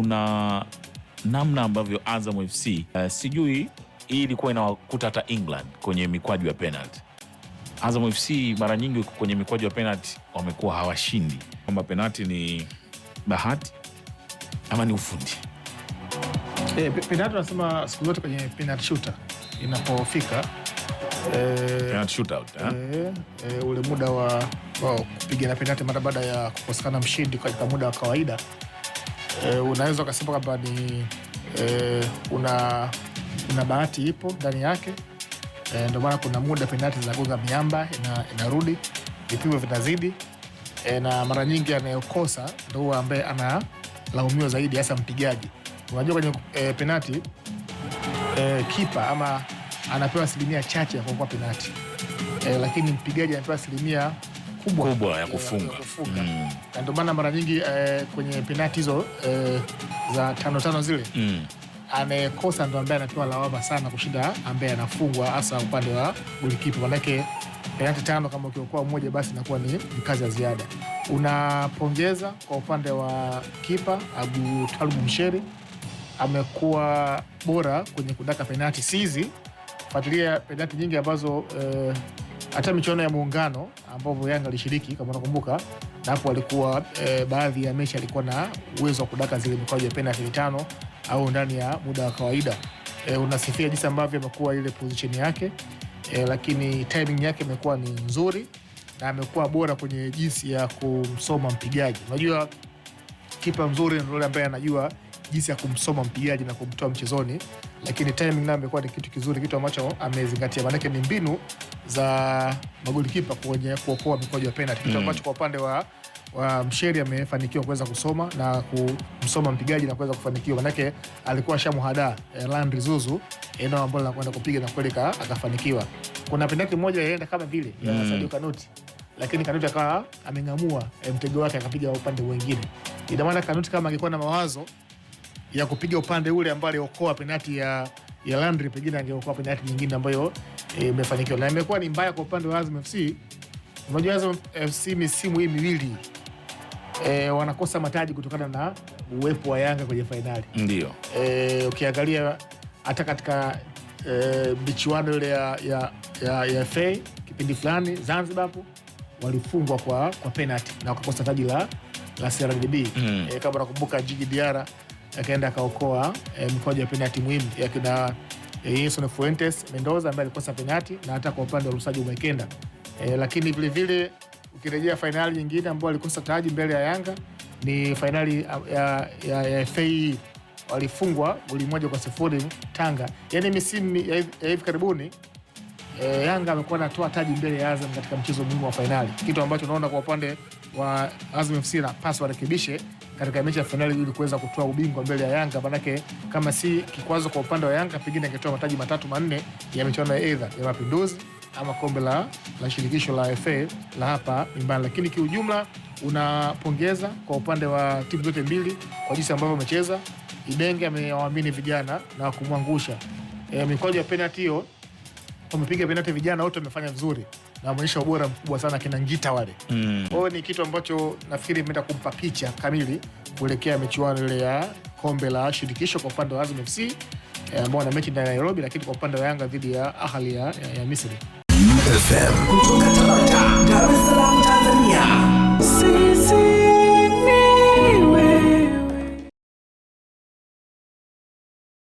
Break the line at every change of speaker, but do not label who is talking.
Kuna namna ambavyo Azam FC uh, eh, sijui hii ilikuwa inawakuta hata England kwenye mikwaju ya penalty. Azam FC mara nyingi kwenye mikwaju ya penalty wamekuwa hawashindi, kwamba penalti ni bahati ama ni ufundi.
Hey, eh, penalty wanasema siku zote kwenye penalty shooter inapofika
eh,
ule muda wa, wa kupigana penalty mara baada ya kukosekana mshindi katika muda wa kawaida e, unaweza ukasema kwamba ni e, una, una bahati ipo ndani yake e, ndio maana kuna muda penati zinagonga miamba inarudi ina vipimo vinazidi e, na mara nyingi anayokosa ndo huwa ambaye analaumiwa zaidi, hasa mpigaji. Unajua kwenye e, penati e, kipa ama anapewa asilimia chache ya kuokoa penati e, lakini mpigaji anapewa asilimia kubwa,
kubwa ya kufunga mm.
na ndio maana mara nyingi eh, kwenye penati hizo eh, za tano tano zile mm. anayekosa ndo ambaye anapewa lawama sana kushinda ambaye anafungwa, hasa upande wa golikipa, manake penati tano kama ukiokoa mmoja basi inakuwa ni kazi ya ziada. Unapongeza kwa upande wa kipa Talib Msheri, amekuwa bora kwenye kudaka penati hizi fuatilia penati nyingi ambazo eh, hata michuano ya muungano ambapo Yanga alishiriki kama unakumbuka, na hapo alikuwa e, baadhi ya mechi alikuwa na uwezo wa kudaka zile mikwaju ya penalti mitano au ndani ya muda wa kawaida. E, unasifia jinsi ambavyo amekuwa ile position yake e, lakini timing yake imekuwa ni nzuri na amekuwa bora kwenye jinsi ya kumsoma mpigaji. Unajua kipa mzuri ni yule ambaye anajua jinsi ya kumsoma mpigaji na kumtoa mchezoni, lakini timing nayo imekuwa ni kitu kizuri, kitu ambacho amezingatia. Maanake ni mbinu za magolikipa kwenye kuokoa mikwaju ya penalti, kitu mm. ambacho kwa upande wa wa Msheri amefanikiwa kuweza kusoma na kumsoma mpigaji na kuweza kufanikiwa, manake alikuwa shamuhada eh, Landry Zuzu eneo ambalo anakwenda kupiga na kweli akafanikiwa. Kuna penalti moja yaenda kama vile ya mm. Sadio Kanuti, lakini Kanuti akawa ameng'amua eh, mtego wake akapiga upande mwingine. Ina maana Kanuti kama angekuwa na mawazo ya kupiga upande ule ambao aliokoa penati ya ya Landry, pengine angeokoa penati nyingine ambayo e, imefanikiwa, e, na imekuwa ni mbaya kwa upande wa Azam FC. Unajua Azam FC misimu hii miwili e, wanakosa mataji kutokana na uwepo wa Yanga kwenye fainali. Ndio e, ukiangalia hata katika e, michuano ile ya, ya, ya, ya FA kipindi fulani Zanzibar hapo walifungwa kwa, kwa penati na wakakosa taji la, la CRDB mm. E, kama nakumbuka jiji Diara akaenda akaokoa e, eh, mkoaji wa penati muhimu ya kina Yenson eh, Fuentes Mendoza ambaye alikosa penati na hata kwa upande wa Lusajo Mwekenda e, eh, lakini vile vile ukirejea fainali nyingine ambayo alikosa taji mbele ya Yanga ni fainali ya, ya, ya FA walifungwa goli moja kwa sifuri Tanga. Yaani misimu ya hivi karibuni e, Yanga amekuwa anatoa taji mbele ya Azam katika mchezo muhimu wa fainali, kitu ambacho unaona kwa upande wa Azam FC na pasi warekebishe katika mechi ya fainali ili kuweza kutoa ubingwa mbele ya Yanga, manake kama si kikwazo kwa upande wa Yanga pengine angetoa mataji matatu manne ya michuano ya edha ya Mapinduzi ama kombe la, la shirikisho la FA la hapa nyumbani, lakini kiujumla unapongeza kwa upande wa timu zote mbili kwa jinsi ambavyo wamecheza. Ibenge amewaamini vijana na kumwangusha e, mikwaju ya penalti hiyo wamepiga penati vijana wote wamefanya vizuri na wameonyesha ubora mkubwa sana kina Ngita wale mm. Kwao ni kitu ambacho nafikiri imeenda kumpa picha kamili kuelekea michuano ile ya kombe la shirikisho kwa upande wa Azam FC eh, ambao wana mechi ndani ya Nairobi, lakini kwa upande wa Yanga dhidi ya Ahli ya, ya, ya Misri FM.